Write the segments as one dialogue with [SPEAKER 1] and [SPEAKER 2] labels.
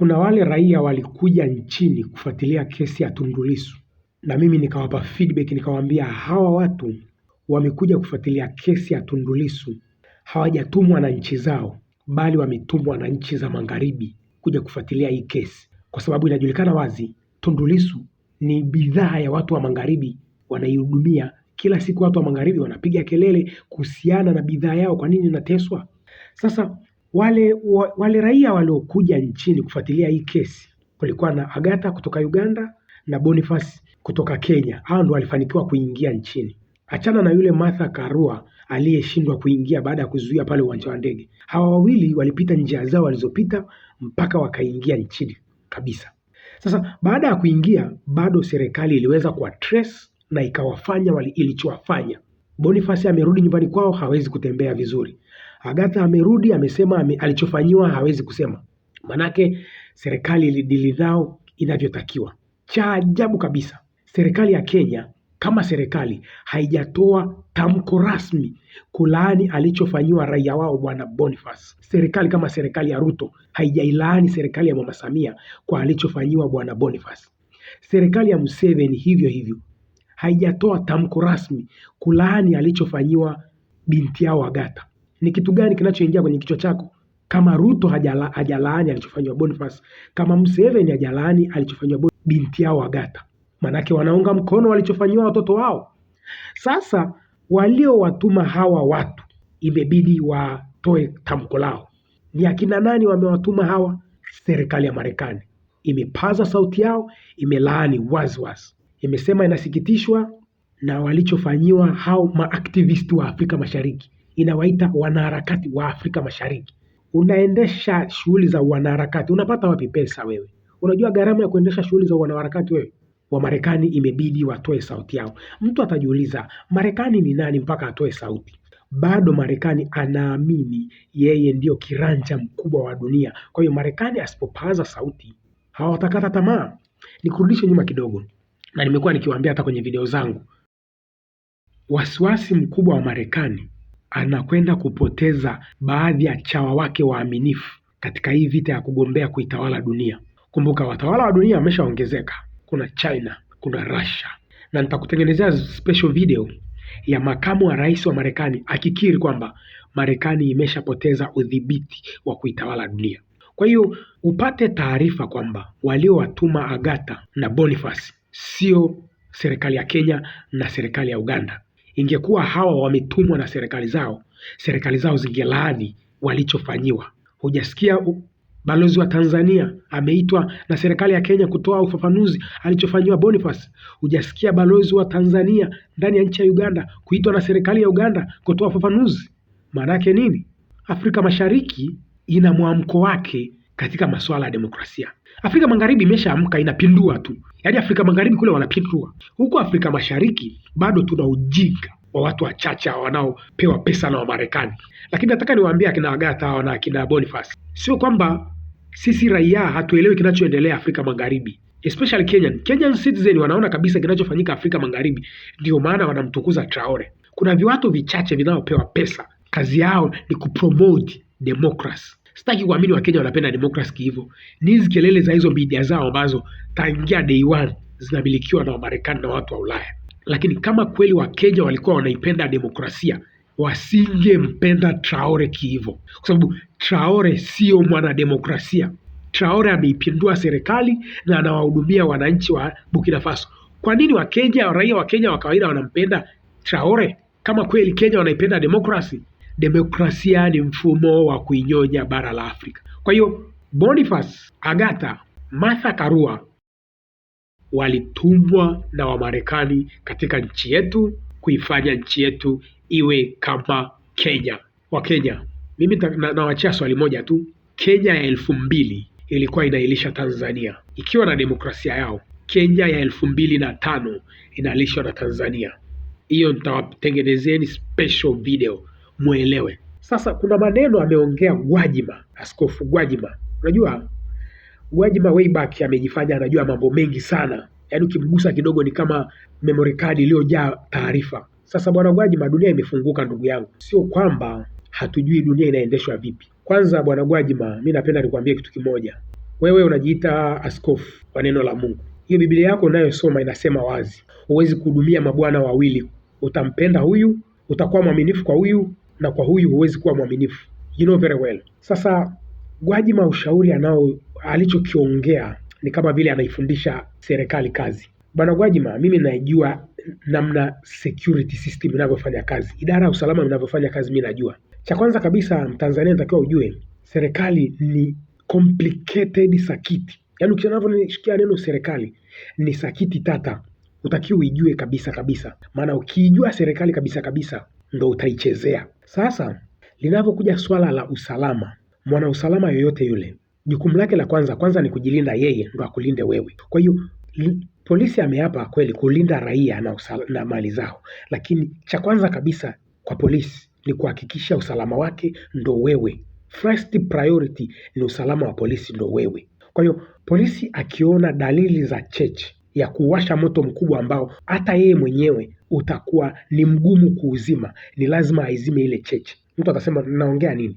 [SPEAKER 1] Kuna wale raia walikuja nchini kufuatilia kesi ya Tundu Lissu na mimi nikawapa feedback nikawaambia, hawa watu wamekuja kufuatilia kesi ya Tundu Lissu, hawajatumwa na nchi zao, bali wametumwa na nchi za magharibi kuja kufuatilia hii kesi, kwa sababu inajulikana wazi Tundu Lissu ni bidhaa ya watu wa magharibi, wanaihudumia kila siku. Watu wa magharibi wanapiga kelele kuhusiana na bidhaa yao, kwa nini inateswa? Sasa wale, wale raia waliokuja nchini kufuatilia hii kesi kulikuwa na Agatha kutoka Uganda na Boniface kutoka Kenya. Hao ndio walifanikiwa kuingia nchini, achana na yule Martha Karua aliyeshindwa kuingia baada ya kuzuia pale uwanja wa ndege. Hawa wawili walipita njia zao walizopita mpaka wakaingia nchini kabisa. Sasa baada ya kuingia, bado serikali iliweza kuwa trace na ikawafanya wali ilichowafanya. Boniface amerudi nyumbani kwao, hawezi kutembea vizuri. Agatha amerudi amesema ame, alichofanyiwa hawezi kusema, manake serikali ilidili inavyotakiwa. Cha ajabu kabisa, serikali ya Kenya kama serikali haijatoa tamko rasmi kulaani alichofanyiwa raia wao bwana Boniface. Serikali kama serikali ya Ruto haijailaani serikali ya mama Samia kwa alichofanyiwa bwana Boniface. Serikali ya Museveni hivyo hivyo haijatoa tamko rasmi kulaani alichofanyiwa binti yao Agatha. Ni kitu gani kinachoingia kwenye kichwa chako? Kama Ruto hajalaani alichofanywa Boniface, kama Museveni hajalaani alichofanywa binti yao Agatha, manake wanaunga mkono walichofanyiwa watoto wao. Sasa waliowatuma hawa watu imebidi watoe tamko lao. Ni akina nani wamewatuma hawa? Serikali ya Marekani imepaza sauti yao, imelaani waziwazi, imesema inasikitishwa na walichofanyiwa hao maaktivisti wa Afrika Mashariki inawaita wanaharakati wa Afrika Mashariki. Unaendesha shughuli za wanaharakati, unapata wapi pesa wewe? Unajua gharama ya kuendesha shughuli za wanaharakati wewe? Wa Marekani imebidi watoe sauti yao. Mtu atajiuliza Marekani ni nani mpaka atoe sauti? Bado Marekani anaamini yeye ndiyo kiranja mkubwa wa dunia. Kwa hiyo Marekani asipopaza sauti hawatakata tamaa. Nikurudishe nyuma kidogo, na nimekuwa nikiwaambia hata kwenye video zangu, wasiwasi mkubwa wa Marekani anakwenda kupoteza baadhi ya chawa wake waaminifu katika hii vita ya kugombea kuitawala dunia. Kumbuka watawala wa dunia wameshaongezeka, kuna China, kuna Russia, na nitakutengenezea special video ya makamu wa rais wa Marekani akikiri kwamba Marekani imeshapoteza udhibiti wa kuitawala dunia. Kwa hiyo upate taarifa kwamba waliowatuma agata na Boniface sio serikali ya Kenya na serikali ya Uganda, Ingekuwa hawa wametumwa na serikali zao, serikali zao zingelaani walichofanyiwa. Hujasikia balozi wa Tanzania ameitwa na serikali ya Kenya kutoa ufafanuzi alichofanyiwa Boniface. Hujasikia balozi wa Tanzania ndani ya nchi ya Uganda kuitwa na serikali ya Uganda kutoa ufafanuzi. Maana yake nini? Afrika Mashariki ina mwamko wake katika masuala ya demokrasia. Afrika Magharibi imeshaamka inapindua tu, yaani Afrika Magharibi kule wanapindua. Huko Afrika Mashariki bado tuna ujinga wa watu wachache wanaopewa pesa na Wamarekani, lakini nataka niwaambie akina Agatha hao na akina Boniface, sio kwamba sisi raia hatuelewi kinachoendelea Afrika Magharibi, especially Kenyan. Kenyan citizen wanaona kabisa kinachofanyika Afrika Magharibi, ndio maana wanamtukuza Traore. Kuna viwatu vichache vinaopewa pesa, kazi yao ni kupromote democracy Sitaki kuamini Wakenya wanapenda demokrasi hivyo. Ni hizi kelele za hizo media zao ambazo tangia day one zinamilikiwa na Wamarekani na watu wa Ulaya. Lakini kama kweli Wakenya walikuwa wanaipenda demokrasia wasingempenda Traore kiivo, kwa sababu Traore sio mwanademokrasia. Traore ameipindua serikali na anawahudumia wananchi wa Burkina Faso. Kwa nini Wakenya, raia wa Kenya wa kawaida wanampenda Traore kama kweli Kenya wanaipenda demokrasia? demokrasia ni mfumo wa kuinyonya bara la Afrika. Kwa hiyo Boniface agata Martha Karua walitumwa na Wamarekani katika nchi yetu kuifanya nchi yetu iwe kama Kenya. Wakenya, mimi nawachia na swali moja tu. Kenya ya elfu mbili ilikuwa inailisha Tanzania ikiwa na demokrasia yao. Kenya ya elfu mbili na tano inalishwa na Tanzania. Hiyo nitawatengenezeni special video mwelewe. Sasa kuna maneno ameongea Gwajima, Askofu Gwajima. Unajua Gwajima way back amejifanya anajua mambo mengi sana, yaani ukimgusa kidogo ni kama memory card iliyojaa taarifa. Sasa bwana Gwajima, dunia imefunguka ndugu yangu, sio kwamba hatujui dunia inaendeshwa vipi. Kwanza bwana Gwajima, mimi napenda nikwambie kitu kimoja. Wewe unajiita askofu wa neno la Mungu, hiyo Biblia yako unayosoma inasema wazi, huwezi kuhudumia mabwana wawili. Utampenda huyu, utakuwa mwaminifu kwa huyu, na kwa huyu huwezi kuwa mwaminifu. You know very well. Sasa Gwajima ushauri anao alichokiongea ni kama vile anaifundisha serikali kazi. Bwana Gwajima, mimi najua namna security system inavyofanya kazi, idara ya usalama inavyofanya kazi, mimi najua. Cha kwanza kabisa, Mtanzania natakiwa ujue serikali ni complicated sakiti. Yaani ukishanavyonishikia neno serikali ni sakiti tata, utakiwa uijue kabisa kabisa, maana ukiijua serikali kabisa kabisa ndo utaichezea. Sasa linapokuja swala la usalama, mwana usalama yoyote yule, jukumu lake la kwanza kwanza ni kujilinda yeye, ndo akulinde wewe. Kwa hiyo polisi ameapa kweli kulinda raia na, na mali zao, lakini cha kwanza kabisa kwa polisi ni kuhakikisha usalama wake, ndo wewe. First priority ni usalama wa polisi, ndo wewe. Kwa hiyo polisi akiona dalili za cheche ya kuwasha moto mkubwa ambao hata yeye mwenyewe utakuwa ni mgumu kuuzima, ni lazima aizime ile cheche. Mtu atasema naongea nini?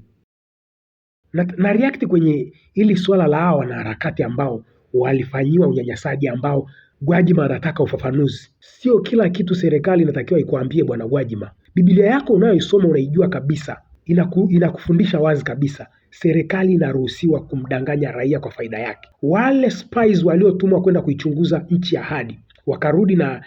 [SPEAKER 1] Na, na react kwenye hili swala la hawa harakati ambao walifanyiwa unyanyasaji ambao Gwajima anataka ufafanuzi. Sio kila kitu serikali inatakiwa ikuambie bwana Gwajima. Biblia yako unayoisoma unaijua kabisa, inaku, inakufundisha wazi kabisa serikali inaruhusiwa kumdanganya raia kwa faida yake. Wale spies waliotumwa kwenda kuichunguza nchi ya ahadi wakarudi na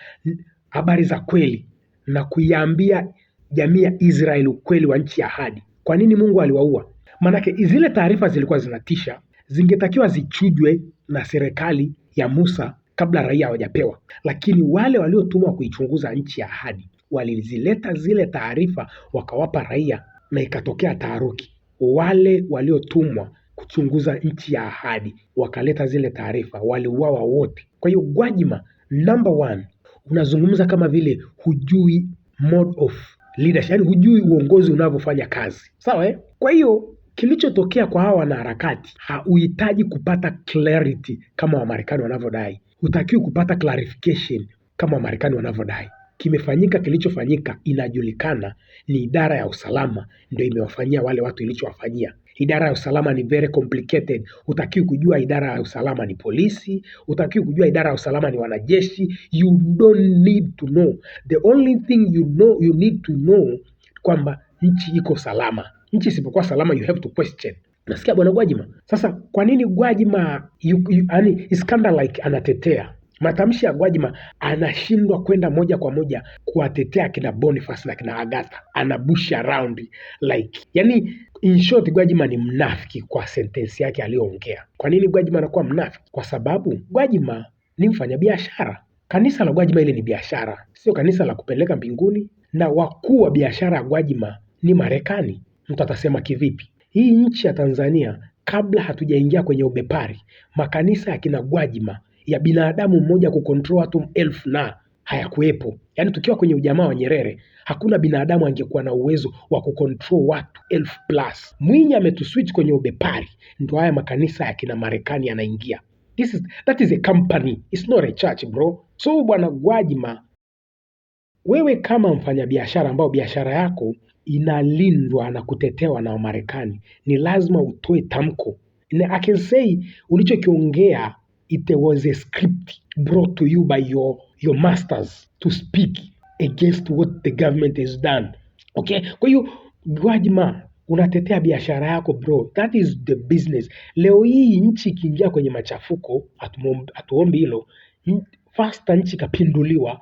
[SPEAKER 1] habari za kweli na kuiambia jamii ya Israeli ukweli wa nchi ya ahadi. Kwa nini Mungu aliwaua? Maanake zile taarifa zilikuwa zinatisha, zingetakiwa zichujwe na serikali ya Musa kabla raia hawajapewa, lakini wale waliotumwa kuichunguza nchi ya ahadi walizileta zile taarifa wakawapa raia na ikatokea taharuki. Wale waliotumwa kuchunguza nchi ya ahadi wakaleta zile taarifa, waliuawa wote. Kwa hiyo Gwajima number one unazungumza kama vile hujui mode of leadership, yani hujui uongozi unavyofanya kazi, sawa eh? Kwa hiyo kilichotokea kwa hawa wanaharakati, hauhitaji kupata clarity kama Wamarekani wanavyodai, hutakiwi kupata clarification kama Wamarekani wanavyodai. Kimefanyika kilichofanyika, inajulikana. Ni idara ya usalama ndio imewafanyia wale watu ilichowafanyia idara ya usalama ni very complicated. Hutakiwi kujua idara ya usalama ni polisi, hutakiwi kujua idara ya usalama ni wanajeshi. You don't need to know. The only thing you know, you need to know kwamba nchi iko salama. Nchi isipokuwa salama, you have to question. Nasikia bwana Gwajima. Sasa kwa nini Gwajima yaani Iskandar like anatetea matamshi ya Gwajima anashindwa kwenda moja kwa moja kuwatetea akina Boniface na akina Agatha, anabusha round like, yani In short Gwajima ni mnafiki kwa sentensi yake aliyoongea. Kwa nini Gwajima anakuwa mnafiki? Kwa sababu Gwajima ni mfanyabiashara. Kanisa la Gwajima ile ni biashara, sio kanisa la kupeleka mbinguni, na wakuu wa biashara ya Gwajima ni Marekani. Mtu atasema kivipi? Hii nchi ya Tanzania kabla hatujaingia kwenye ubepari, makanisa ya kina Gwajima ya binadamu mmoja kukontrol watu elfu na hayakuwepo. Yaani tukiwa kwenye ujamaa wa Nyerere, hakuna binadamu angekuwa na uwezo wa kucontrol watu elfu plus. Mwinyi ametuswitch kwenye ubepari, ndo haya makanisa ya kina Marekani yanaingia. This is, that is a company, it's not a church bro. So bwana Gwajima, wewe kama mfanyabiashara ambao biashara yako inalindwa na kutetewa na Wamarekani, ni lazima utoe tamko na I can say ulichokiongea it was a script brought to you by your, your masters to speak against what the government has done. Okay, kwa hiyo Gwajima unatetea biashara yako bro, that is the business. Leo hii nchi ikiingia kwenye machafuko, hatuombi hilo, fasta nchi ikapinduliwa,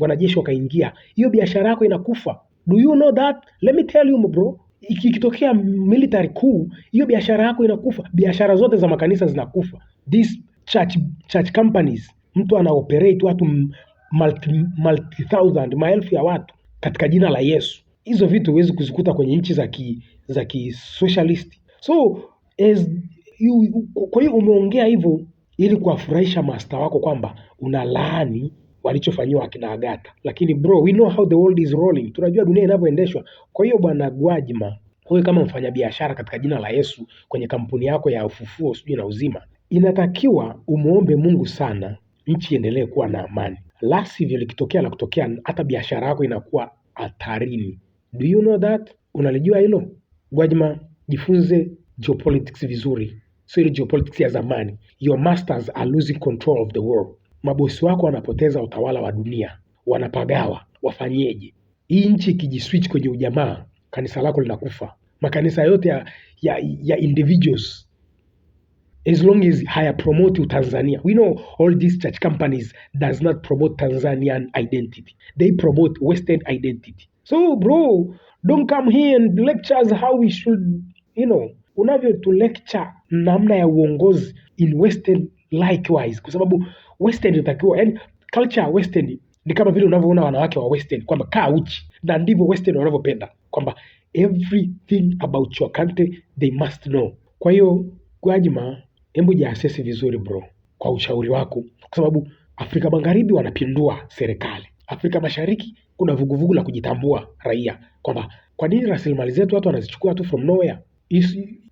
[SPEAKER 1] wanajeshi wakaingia, hiyo biashara yako inakufa. Do you know that? Let me tell you bro, ikitokea military kuu hiyo biashara yako inakufa, biashara zote za makanisa zinakufa. This church, church companies, mtu ana operate watu multi, multi thousand, maelfu ya watu katika jina la Yesu. Hizo vitu huwezi kuzikuta kwenye nchi za ki za socialist. So as you, kwa hiyo umeongea hivyo ili kuwafurahisha master wako kwamba una laani walichofanyiwa akina Agata, lakini bro, we know how the world is rolling, tunajua dunia inavyoendeshwa. Kwa hiyo bwana Gwajima, wewe kama mfanyabiashara katika jina la Yesu, kwenye kampuni yako ya ufufuo sijui na uzima, inatakiwa umuombe Mungu sana nchi iendelee kuwa na amani, la sivyo likitokea la kutokea, hata biashara yako inakuwa hatarini. Do you know that? Unalijua hilo? Gwajima, jifunze geopolitics vizuri, sio ile geopolitics ya zamani. Your masters are losing control of the world. Mabosi wako wanapoteza utawala wa dunia, wanapagawa. Wafanyeje? Hii nchi ikijiswitch kwenye ujamaa, kanisa lako linakufa. Makanisa yote ya, ya, ya individuals as long as hayapromoti Tanzania. We know all these church companies does not promote Tanzanian identity. They promote Western identity. So bro, don't come here and lecture us how we should, you know, unavyo tu lecture namna ya uongozi in Western likewise, kwa sababu Western inatakiwa yani culture ya Western ni kama vile unavyoona wanawake wa Western kwamba kaa uchi, na ndivyo Western wanavyopenda kwamba everything about your country they must know. Kwa hiyo Gwajima hebu jiasesi vizuri bro, kwa ushauri wako, kwa sababu Afrika Magharibi wanapindua serikali, Afrika Mashariki kuna vuguvugu la kujitambua raia, kwamba kwa nini rasilimali zetu watu wanazichukua tu from nowhere?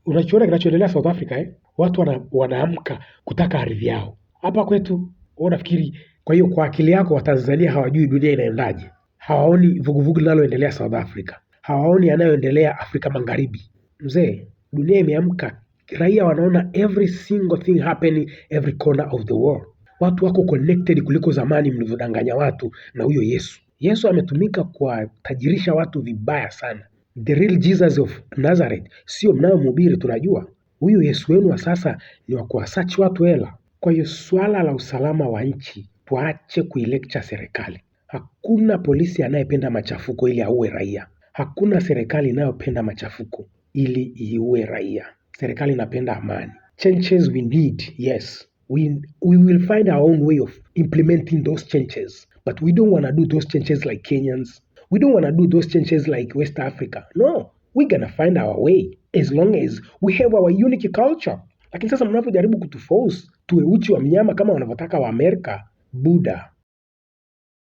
[SPEAKER 1] Unachoona kinachoendelea South Africa eh? Watu wana, wanaamka kutaka ardhi yao hapa kwetu. Unafikiri kwa hiyo kwa akili yako Watanzania hawajui dunia inaendaje? Hawaoni vuguvugu linaloendelea South Africa, hawaoni yanayoendelea Afrika Magharibi. Mzee, dunia imeamka raia wanaona every single thing happen every corner of the world. Watu wako connected kuliko zamani mlivyodanganya watu na huyo Yesu. Yesu ametumika kuwatajirisha watu vibaya sana. The real Jesus of Nazareth sio mnayomhubiri, tunajua huyu Yesu wenu wa sasa ni wa kuwasachi watu hela. Kwa hiyo swala la usalama wa nchi tuache kuilecture serikali. Hakuna polisi anayependa machafuko ili auwe raia. Hakuna serikali inayopenda machafuko ili iue raia serikali inapenda amani. Changes we need, yes. We, we will find our own way of implementing those changes. But we don't want to do those changes like Kenyans. We don't want to do those changes like West Africa. No, we're gonna find our way as long as we have our unique culture. Lakini sasa mnavyojaribu kutuforce tuwe uchi wa mnyama kama wanavyotaka wa Amerika, Buda.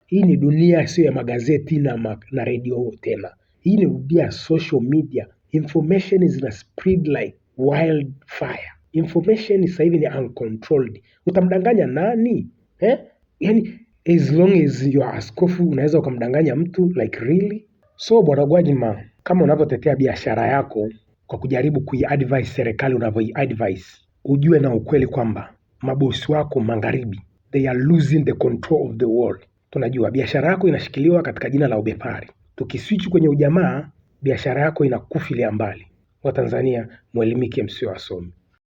[SPEAKER 1] Hii ni dunia sio ya magazeti na, ma na redio tena. Hii ni dunia social media. Information is na spread like wildfire. Information sasa hivi ni uncontrolled. Utamdanganya nani eh? Yani, as long as you are askofu unaweza ukamdanganya mtu like really? So Bwana Gwajima, kama unavyotetea biashara yako kwa kujaribu kuiadvise serikali unavyoiadvise, ujue na ukweli kwamba mabosi wako magharibi, they are losing the control of the world. Tunajua biashara yako inashikiliwa katika jina la ubepari. Tukiswitch kwenye ujamaa, biashara yako inakufilia mbali. Watanzania mwelimike msio wasomi.